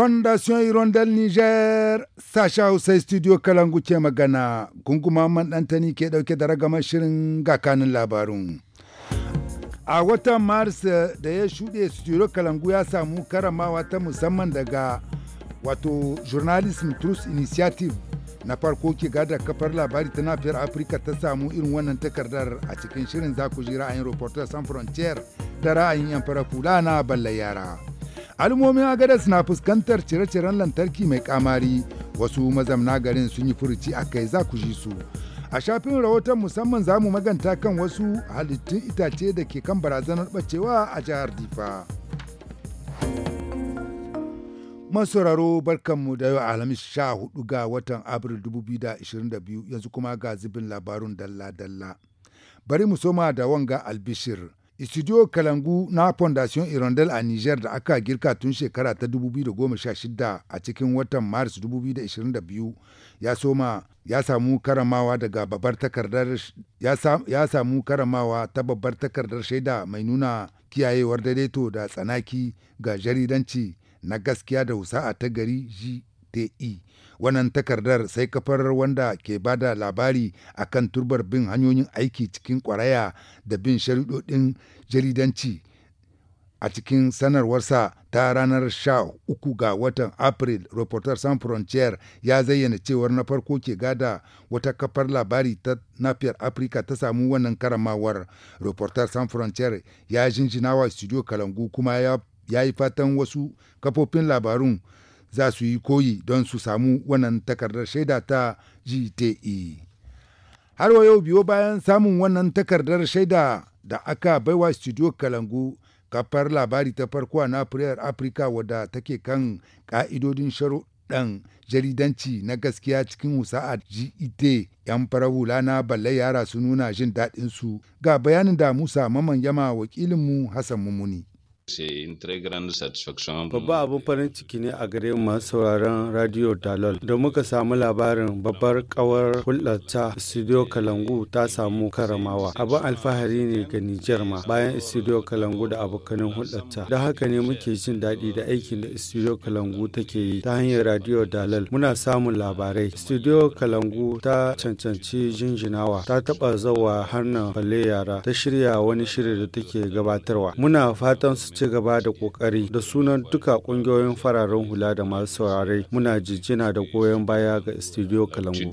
fondation irondel niger sasha hausa studio kalangu ke magana gunguma man ɗantani ke ɗauke da ragama shirin gakanin labarun a watan maris da ya shuɗe studio kalangu ya samu karamawa ta musamman daga wato journalism truth initiative na farko ke gada kafar labari ta nafiyar afirka ta samu irin wannan takardar a cikin shirin za ku ji ra'ayin reporter san frontier da ra'ayin yan fara fulana balla yara al'ummomin agadas na fuskantar cire-ciren lantarki mai kamari wasu mazamna garin sun yi furuci a kai za ku ji su a shafin rahoton musamman za mu maganta kan wasu halittun itace da ke kan barazanar bacewa a jihar difa masauraro barkanmu da yau alhamis sha hudu ga watan abril 2022 yanzu kuma ga zubin labarun dalla-dalla bari mu soma da wanga albishir Studio Kalangu na Fondation Irondel a Niger da aka girka tun shekara ta 2016 a cikin watan Maris 2022 ya soma ya samu karamawa daga babbar takardar ya samu karamawa ta babbar takardar shaida mai nuna kiyayewar daidaito da tsanaki ga jaridanci na gaskiya da wusa'a ta gari ji ti wannan takardar sai kafar wanda ke bada labari akan turbar bin hanyoyin aiki cikin kwaraya da bin shari'o'in jaridanci a cikin sanarwarsa ta ranar sha uku ga watan april reporter san frontier ya zayyana cewar na farko ke gada wata kafar labari ta nafiyar afirka ta samu wannan karamawar reporter san frontier ya jinjina wa studio kalangu kuma ya yi fatan wasu kafofin labarun za su yi koyi don su samu wannan takardar shaida ta gte har wa yau biyo bayan samun wannan takardar shaida da aka baiwa studio kalangu kafar labari ta farko na prayer afirka wadda take kan ka'idodin sharuɗan jaridanci na gaskiya cikin a GET yan farahula lana na balle yara su nuna jin daɗinsu ga bayanin da Musa Maman Yama wakilinmu Hassan Mumuni. Babba abin farin ciki ne a gare masu sauraron Radio Dalol da muka samu labarin babbar kawar hulɗar ta Studio Kalangu ta samu karamawa. Abin alfahari ne ga Nijar ma bayan Studio Kalangu da abokanin hulɗar ta. Don haka ne muke jin daɗi da aikin da Studio Kalangu take yi ta hanyar Radio Dalol. Muna samun labarai. Studio Kalangu ta cancanci jinjinawa ta taɓa zawa har nan yara ta shirya wani shiri da take gabatarwa. Muna fatan su ci gaba da ƙoƙari da sunan duka ƙungiyoyin fararen hula da masu saurare muna jijjina da goyon baya ga Studio Kalangu.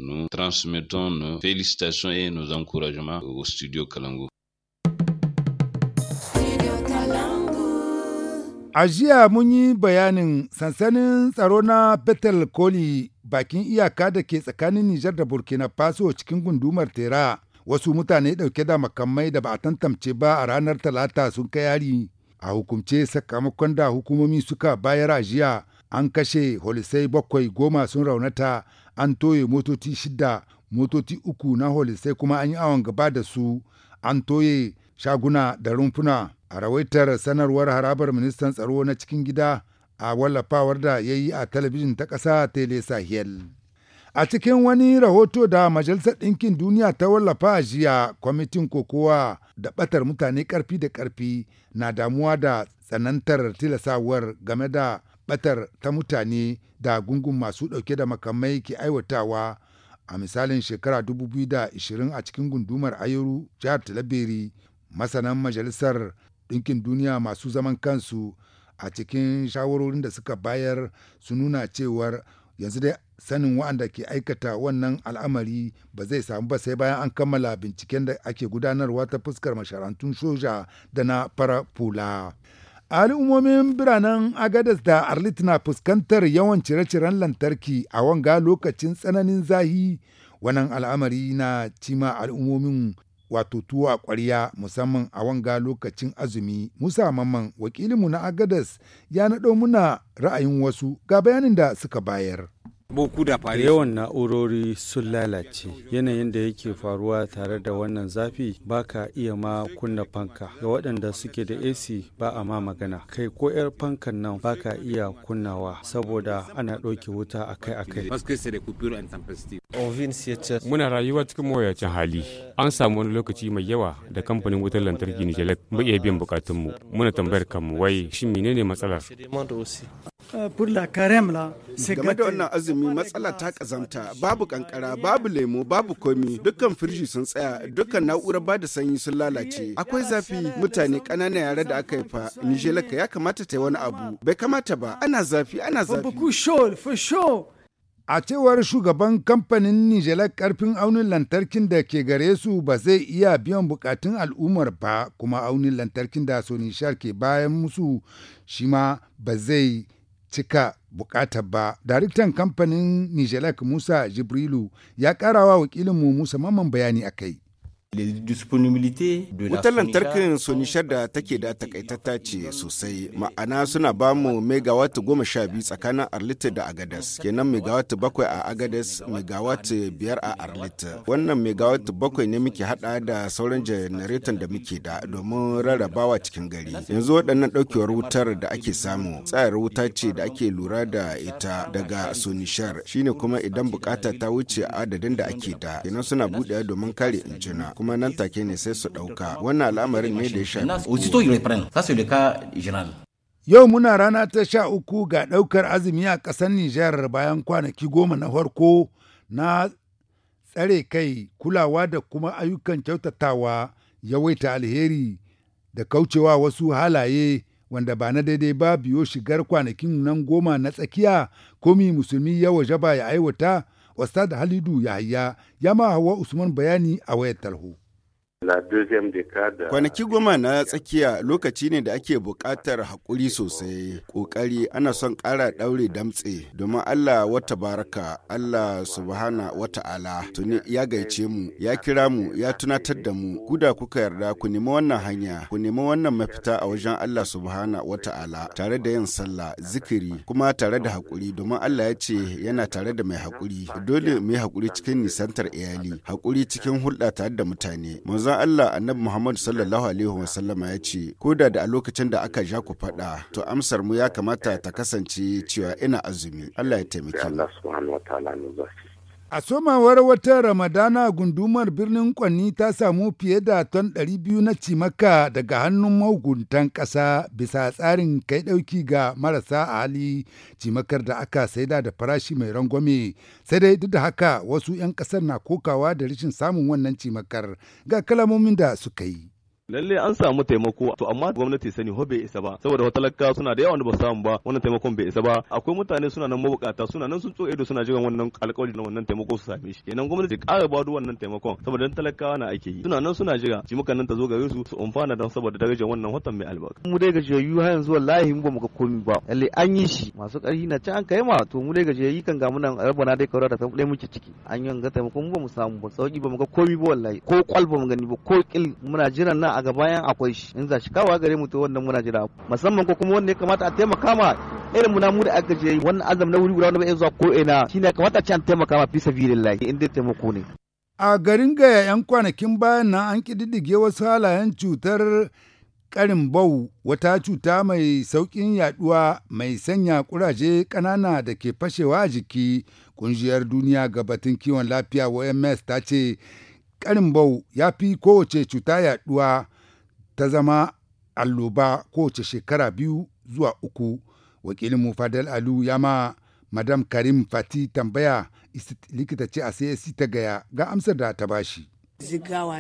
A jiya mun yi bayanin sansanin tsaro na Betel Koli bakin iyaka da ke tsakanin Nijar da Burkina Faso cikin gundumar Tera. Wasu mutane dauke da makamai da ba a tantamce ba a ranar Talata sun kai yari. a hukumce sakamakon da hukumomi suka bayar a jiya an kashe holisai bakwai goma sun raunata an toye motoci shida motoci uku na holisai kuma an yi awon gaba da su an toye shaguna da rumfuna a rawaitar sanarwar harabar ministan tsaro na cikin gida a wallafawar da ya yi a talabijin ta ƙasa tele sahel A cikin wani rahoto da Majalisar Ɗinkin Duniya ta wallafa a jiya, kwamitin kokowa da Batar mutane ƙarfi da ƙarfi na damuwa da tsanantar tilasawar game da batar ta mutane da gungun masu ɗauke da makamai ke aiwatawa a misalin shekara 2020 a cikin gundumar Ayuru, jihar Talabiri, masanan Majalisar Ɗinkin Duniya masu zaman kansu a cikin shawarorin da suka bayar su nuna cewar yanzu dai sanin waɗanda ke aikata wannan al'amari ba zai samu ba sai bayan an kammala binciken da ake gudanarwa ta fuskar masharantun soja da na fara fula. al'ummomin biranen agadas da arlit na fuskantar yawan cire-ciren lantarki a wanga lokacin tsananin zahi wannan al'amari na cima al'ummomin wato tuwo a ƙwarya musamman a wanga lokacin azumi musa mamman wakilinmu na agadas ya naɗo muna ra'ayin wasu ga bayanin da suka bayar boku da fare yawan na'urori sun lalace yanayin da yake faruwa tare da wannan zafi ba ka iya ma kunna fanka ga waɗanda suke da ac ba a ma magana kai ko 'yar fankan nan ba ka iya kunnawa saboda ana ɗauke wuta akai-akai muna rayuwa cikin mawuyacin hali an samu wani lokaci mai yawa da kamfanin wutar lantarki nijelek bai iya biyan bukatunmu muna tambayar kanmu wai shin menene matsalar la game da wannan azumi matsala ta kazamta babu kankara babu lemo babu komi dukkan firji sun tsaya dukkan na'urar ba da sanyi sun lalace akwai zafi mutane kananan yara da aka haifa nijelaka ya kamata ta yi wani abu bai kamata ba ana zafi ana zafi A cewar shugaban kamfanin Nijalar karfin aunin lantarkin da ke gare su ba zai iya biyan bukatun al'ummar ba kuma aunin lantarkin da Sonishar ke bayan musu shima ma ba zai cika buƙatar ba. Daraktan kamfanin Nijelak Musa Jibrilu ya karawa wakilinmu Musa Mamman bayani a kai. Wutar lantarkin Sonishar da take da takaitata ce sosai, ma'ana suna ba mu megawatt goma sha biyu tsakanin Arlita da Agadas, kenan megawatt bakwai a Agadas, megawatt biyar a Arlita. Wannan megawatt bakwai ne muke hada da sauran janareton da muke da domin rarrabawa cikin gari. Yanzu waɗannan ɗaukewar wutar da ake samu, tsayar wuta ce da ake lura da ita daga Sonishar, shine kuma idan bukata ta wuce adadin da ake da, kenan suna buɗewa domin kare injina. kuma nan take ne sai su ɗauka wannan al'amarin ne da ya shafi Yau muna rana ta sha uku ga ɗaukar azumi a ƙasar Nijar bayan kwanaki goma na farko na tsare kai kulawa da kuma ayyukan kyautatawa yawaita alheri da kaucewa wasu halaye wanda ba na daidai ba biyo shigar kwanakin nan goma na tsakiya komi musulmi ya waje ba ya aiwata Ustad Halidu Yahaya ya ma Hawa Usman bayani a wayar tarho. Kwanaki goma na tsakiya lokaci ne da ake buƙatar haƙuri sosai, ƙoƙari ana son ƙara ɗaure damtse domin Allah wata baraka, Allah subhana wata ala tuni ya gaice mu, ya kira mu, ya tunatar da mu, guda kuka yarda ku nemi wannan hanya, ku nemi wannan mafita a wajen Allah subhana wata ala tare da yin sallah, zikiri, kuma tare da haƙuri domin Allah ya ce yana tare da mai haƙuri. Dole mu yi haƙuri cikin nisantar iyali, haƙuri cikin hulɗa tare da mutane. manzon Allah Annabi Muhammad sallallahu alaihi sallama ya ce ko da a lokacin da aka ja ku faɗa to amsar mu ya kamata ta kasance cewa ina azumi Allah ya taimake mu. A somawar wata Ramadana gundumar birnin Kwanni ta samu fiye da ton 200 na cimaka daga hannun mahukuntan ƙasa bisa tsarin kai ɗauki ga marasa a hali cimakar da aka saida da farashi mai rangwame. Sai dai duk da haka wasu 'yan ƙasar na kokawa da rashin samun wannan cimakar ga kalamomin da suka yi. lalle an samu taimako to amma gwamnati sani ho bai isa ba saboda wata lakka suna da yawa wanda ba samu ba wannan taimakon bai isa ba akwai mutane suna nan mabukata suna nan sun tsoye da suna jiran wannan alƙawari na wannan taimako su same shi kenan gwamnati ta ƙara ba wannan taimakon saboda dan talakawa na ake yi suna nan suna jira muka nan ta zo gare su su amfana dan saboda darajar wannan watan mai albarka mu dai gajiyayyu har yanzu wallahi mu ba mu ga komai ba lalle an yi shi masu ƙarfi na ci an kai ma to mu dai yi kan ga munan na dai kaura da kan muke ciki an yi ga taimakon mu ba mu samu ba sauki ba mu ga komai ba wallahi ko kwal ba mu gani ba ko kil muna jiran na a gaba yan akwai shi in za shi kawo gare mu to wannan muna jira musamman ko kuma wanda ya kamata a taimaka ma irin mu namu da aka je wannan azam na wuri guda na ba zuwa ko ina shine kamata ci an taimaka ma fi sabilillahi in dai taimako ne a garin gaya 'yan kwanakin bayan nan an kididdige wasu halayen cutar karin bau wata cuta mai saukin yaduwa mai sanya kuraje kanana da ke fashewa a jiki kungiyar duniya ga batun kiwon lafiya oms ta ce ƙarin bau ya fi kowace cuta yaɗuwa ta zama alloba kowace shekara biyu zuwa uku. Wakilin mu Fadal Alu ya ma Madam Karim Fati tambaya likita ce a CSC ta gaya ga amsar da ta bashi. Zigawa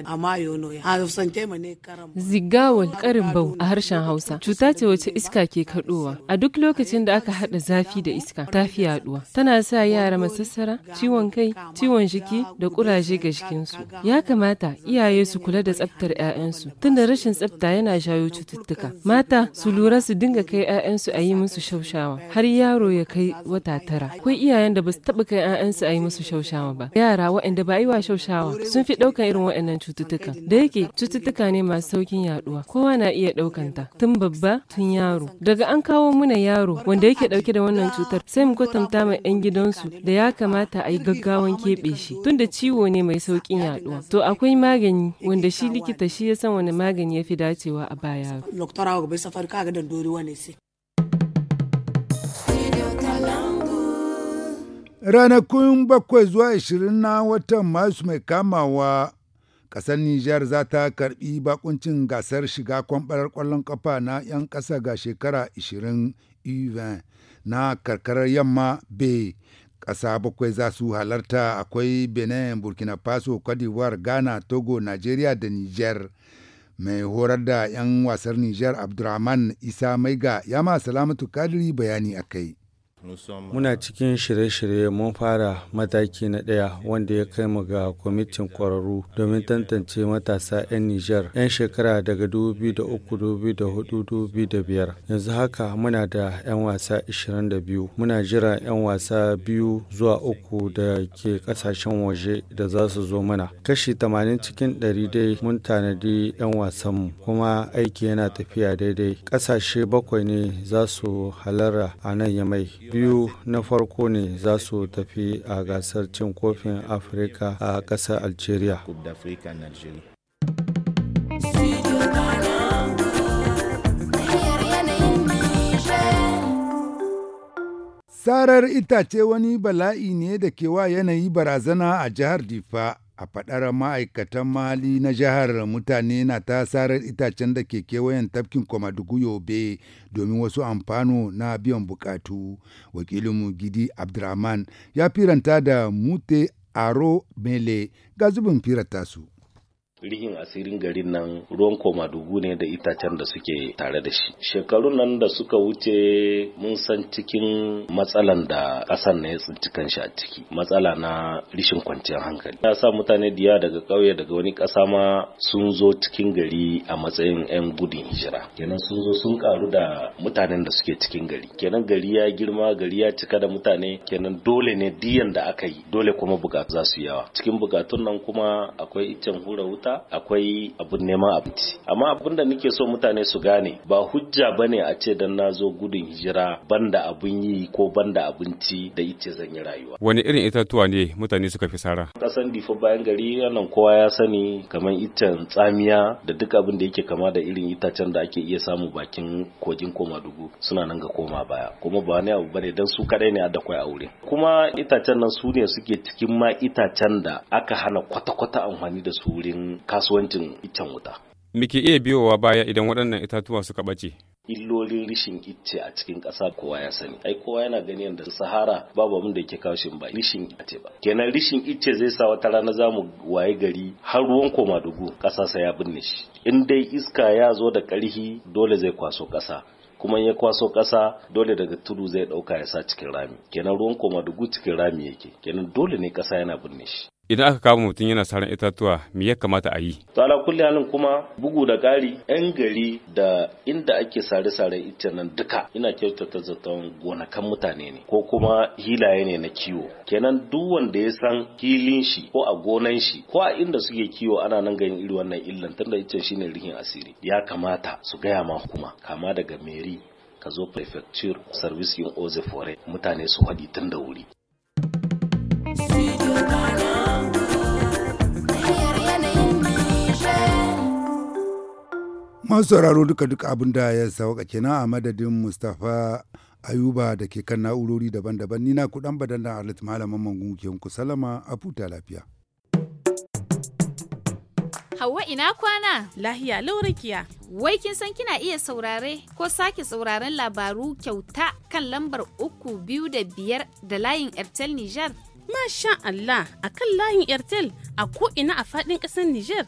a karin bau a harshen Hausa. Cuta ce wace iska ke kaɗowa. A duk lokacin da aka haɗa zafi da iska, ta fi yaɗuwa. Tana sa yara masassara, ciwon kai, ciwon jiki da ƙuraje ga jikinsu. Ya kamata iyaye su kula da tsaftar 'ya'yansu. Tunda rashin tsafta yana shayo cututtuka. Mata su lura su dinga kai 'ya'yansu a yi musu shaushawa. Har yaro ya kai wata tara. Akwai iyayen da ba su taɓa kai 'ya'yansu a yi musu shaushawa ba. Yara waɗanda ba a yi wa shaushawa sun fi ɗaukan irin waɗannan cututtukan Da yake cututtuka ne masu saukin yaduwa. Kowa na iya ɗaukanta tun babba tun yaro. Daga an kawo muna yaro wanda yake ɗauke da wannan cutar sai mu kwatanta ma 'yan gidansu da ya kamata a yi gaggawan keɓe shi tun da ciwo ne mai saukin yaduwa. To akwai magani wanda shi likita shi ya san wani magani ya fi dacewa a baya. ranakun bakwai zuwa ashirin na watan masu mai kamawa Ƙasar Nijar za ta karɓi bakuncin gasar shiga kwambarar kwallon ƙafa na 'yan ƙasa ga shekara 20 na karkarar yamma Bay. ƙasa bakwai za su halarta akwai Benin, Burkina Faso, Cote d'Ivoire, Ghana, Togo, Nigeria da Niger Mai horar da 'yan wasar Niger abdulrahman Isa Maiga ya ma salamatu kadiri bayani a kai. Muna euh, cikin shirye-shirye mun fara mataki na ɗaya wanda ya kai mu ga kwamitin ƙwararru domin tantance matasa 'yan Nijar 'yan shekara daga 2003 2005 Yanzu haka muna da 'yan wasa 22. Muna jira 'yan wasa biyu zuwa uku da ke ƙasashen waje da za su zo mana. Kashi 80 cikin 100 dai mun tanadi 'yan wasanmu kuma aiki yana tafiya daidai. Ƙasashe bakwai ne za su halara a nan yamai. biyu na farko ne za su tafi a gasar cin kofin afirka a ƙasar algeria Sarar itace wani bala'i ne da ke wa yanayi barazana a jihar Difa. a faɗar ma'aikatan mali na jihar mutane na ta sarar itacen da ke kewayen tafkin kwamadugu yobe domin wasu amfano na biyan bukatu wakilinmu gidi abdurrahman ya firanta da mute aro mele ga zubin firata su rihin asirin garin nan ruwan koma dubu ne da itacen da suke tare da shi shekarun nan da suka wuce mun san cikin matsalan da ƙasan na ya tsinci kanshi a ciki matsala na rishin kwanciyar hankali ya sa mutane diya daga ƙauye daga wani ƙasa ma sun zo cikin gari a matsayin 'yan gudun hijira kenan sun zo sun karu da mutanen da suke cikin gari kenan gari ya girma gari ya cika da mutane kenan dole ne diyan da aka yi dole kuma bukatu za su yawa cikin bukatun nan kuma akwai iccen hura wuta mata akwai abun neman abinci amma abun da nake so mutane su gane ba hujja bane a ce dan na zo gudun hijira banda abun yi ko banda abinci da ice zan yi rayuwa wani irin itatuwa ne mutane suka fi sara kasan difo bayan gari nan kowa ya sani kamar iccen tsamiya da duk abin da yake kama da irin itacen da ake iya samu bakin kogin koma dugu suna nan ga koma baya kuma ba wani abu bane dan su kadai ne da kwai wurin. kuma itacen nan su ne suke cikin ma itacen da aka hana kwata-kwata amfani da su wurin kasuwancin iccen wuta. Miki iya biyowa baya idan waɗannan itatuwa suka ɓace? illolin rishin icce a cikin ƙasa kowa ya sani ai kowa yana gani yadda sahara babu abin da ke kawo ba rishin icce ba kenan rishin icce zai sa wata rana za mu waye gari har ruwan koma dugu ƙasa sai ya binne shi in dai iska ya zo da ƙarhi dole zai kwaso ƙasa kuma ya kwaso ƙasa dole daga tudu zai ɗauka ya sa cikin rami kenan ruwan koma dugu cikin rami yake kenan dole ne ƙasa yana binne shi idan aka kama mutum yana saran itatuwa me ya kamata a yi to ala kulli halin kuma bugu da gari yan gari da inda ake sare sare ita nan duka ina kyautata zaton gonakan mutane ne ko kuma hilaye ne na kiwo kenan duk wanda ya san hilin shi ko a gonan shi ko a inda suke kiwo ana nan ganin iri wannan illan tunda ita shine rihin asiri ya kamata su gaya ma hukuma kama daga meri ka zo prefecture service yin fore mutane su haɗi tun da wuri. masu sauraro duka-duka abin da ya sauka kenan a madadin mustapha ayuba da ke kan na'urori daban-daban nina kudan badan da alit malaman mangun ke ku salama a futa lafiya Hawa ina kwana? Lahiya laurakiya. Wai kin san kina iya saurare ko sake sauraren labaru kyauta kan lambar uku biyu da biyar da layin Airtel Niger? Masha Allah a kan layin Airtel a ko ina a faɗin ƙasar Niger.